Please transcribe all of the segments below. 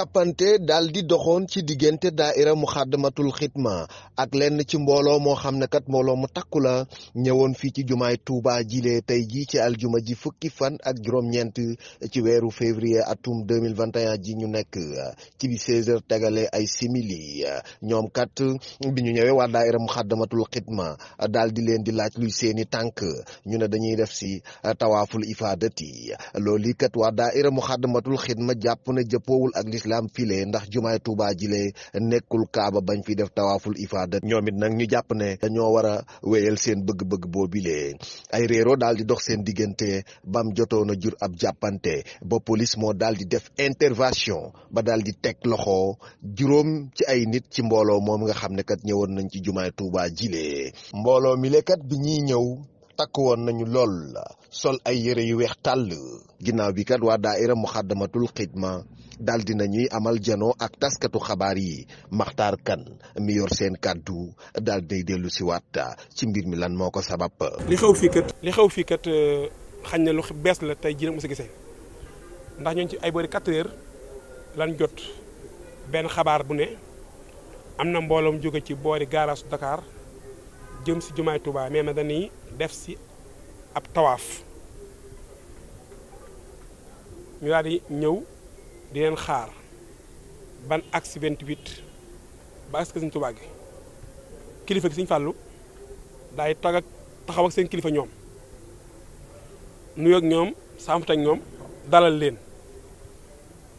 sàppante daal di doxoon ci diggante daaira Muxaddamatul Xidma ak lenn ci mbooloo moo xam ne kat mbooloo mu takkula ñëwoon fii ci jumaay Touba jile tey jii ci aljuma ji fukki fan ak juróom-ñeent ci weeru février atum 2021 ji ñu nekk ci bi 16h tegale ay simili ñoom kat bi ñu ñëwee waa daaira Muxaddamatul Xidma daal di leen di laaj luy seeni tànk ñu ne dañuy def si tawaaful ifaadati loolu kat waa daaira Muxaddamatul Xidma jàpp na jëppoowul ak lislaam ndax jumaay Tuubaa jile nekkul kaaba bañ fi def tawaaful ifaada ñoom it nag ñu jàpp ne dañoo war a wéyal seen bëgg-bëgg boobilee ay réeroo daal di dox seen diggante bam jotoon a jur ab jàppante ba police moo daal di def intervention ba daal di teg loxo juróom ci ay nit ci mbooloo moom nga xam ne kat ñëwoon nañ ci jumaay Tuubaa jilee mbooloo mi lekat bi ñuy ñëw takk woon nañu lool sol ay yére yu weex tàll ginnaaw bi kat waa daaira muxaddamatul xidma daal dina ñuy amal janoo ak taskatu xabaar yi maxtaar kan mi yor seen kàddu dal day dellu si waat ci mbir mi lan moo ko sabab. li xew fii kat li fii kat euh, xañ na lu bees la tey jii mu si gise ndax ñooñu ci ay boori 4 lan jot benn xabaar bu ne am na mbooloom jóge ci boori garage Dakar jëm si jumaay Touba mais nag dañuy def si ab tawaaf ñu daal di ñëw di leen xaar ban agsi 28 ba agsi Sëñ Tuubaa gi kilifa gi Sëñ Fàllu daay toog ak taxaw ak seen kilifa ñoom nuyoo ak ñoom sàmmte ak ñoom dalal leen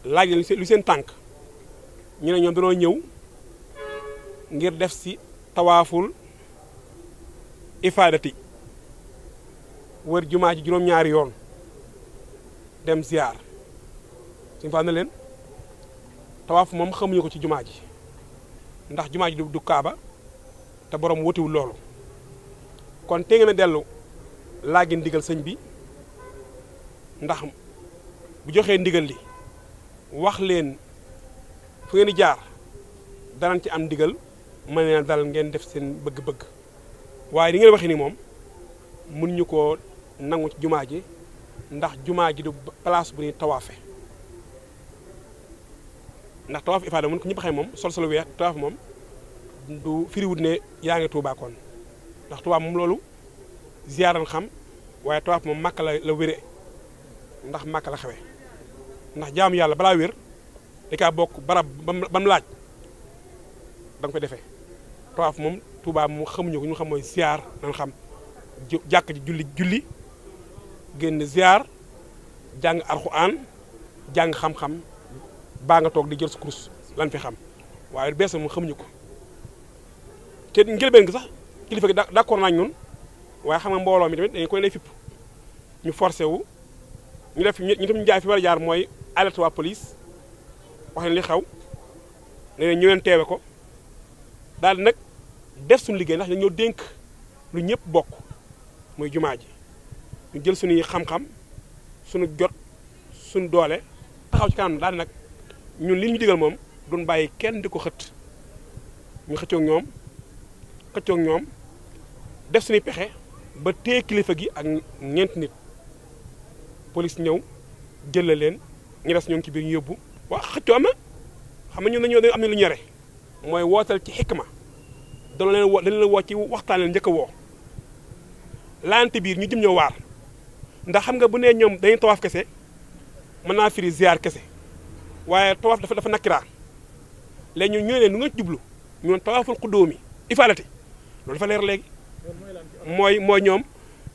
laaj leen lu seen tànk ñu ne ñoom dañoo ñëw ngir def si tawaaful ifaadati wër jumaa ji juróom-ñaari yoon dem ziar suñu faa ne leen tawaaf moom xamuñu ko ci jumaa ji ndax jumaa ji du kaaba ta borom wutiwul lolu kon te ngeena delu dellu ndigal bi ndax bu joxe ndigal li wax len fu ngeen jaar danañ ci am ndigal mën na dal ngeen def seen bëgg-bëgg waye li ngeen waxee ni moom mun nangu ci ndax du place bu ni tawafé ndax tawaaf ifaada mun ko ñëpp moom sol solu weex tawaaf moom du firiwut ne yaa ngi Tuubaa kon ndax Tuubaa moom loolu ziyaaran xam waaye tawaaf moom màkk la la wére ndax màkk la xewe ndax jaamu yàlla balaa wér da kaa bokk barab ba mu laaj da nga defe defee tawaaf moom Tuubaa moom xamuñu ko ñu xam mooy ziyaar nañ xam jàkk ji julli julli génn ziyaar jàng alxuraan jàng xam-xam baa nga toog di jël sa kurus lan fi xam waaye bees moom xamuñu ko te njëlbeen gi sax kilifa gi d'accord nañ ñun waaye xam nga mbooloo mi tamit dañ koy lay fipp ñu forcé wu ñu def ñu fi war jaar mooy alerte waa police wax li xew ne leen ñu leen teewe ko daal nag def suñu liggéey ndax dañoo dénk lu ñëpp bokk muy jumaa ji ñu jël suñuy xam-xam suñu jot suñu doole taxaw ci kanam daal nag ñun li ñu digal moom duñ bàyyi kenn di ko xët ñu xëccoog ñoom xëccoog ñoom def suñu pexe ba téye kilifa gi ak ñeent nit police ñëw jël la leen ñu des ñoo ci biir ñu yóbbu. waaw xëccoo am na xam nga ñun dañoo am na lu ñu mooy wootal ci xikma dana leen woo dana leen woo ci waxtaan leen njëkk a woo laante biir ñu jëm ñoo waar ndax xam nga bu nee ñoom dañu tawaaf kese mën naa firi ziar kese. waaye tawaaf dafa dafa nakkiraa léegi ñun ñoo ne nu nga jublu ñun tawaaful xuddóomi ifaalati loolu dafa leer léegi mooy mooy ñoom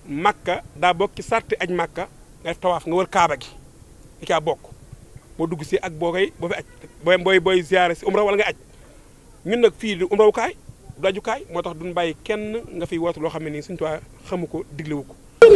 makka daa bokk ci sarti aj makka nga def tawaaf nga wër kaaba gi di caa bokk boo dugg si ak boo koy boo fi aj booy booy booy ziare si umra wala nga aj ñun nag fii di umrawukaay du ajukaay moo tax duñ bàyyi kenn nga fi wootu loo xam ne nii suñu tuwaa xamu ko diglewu ko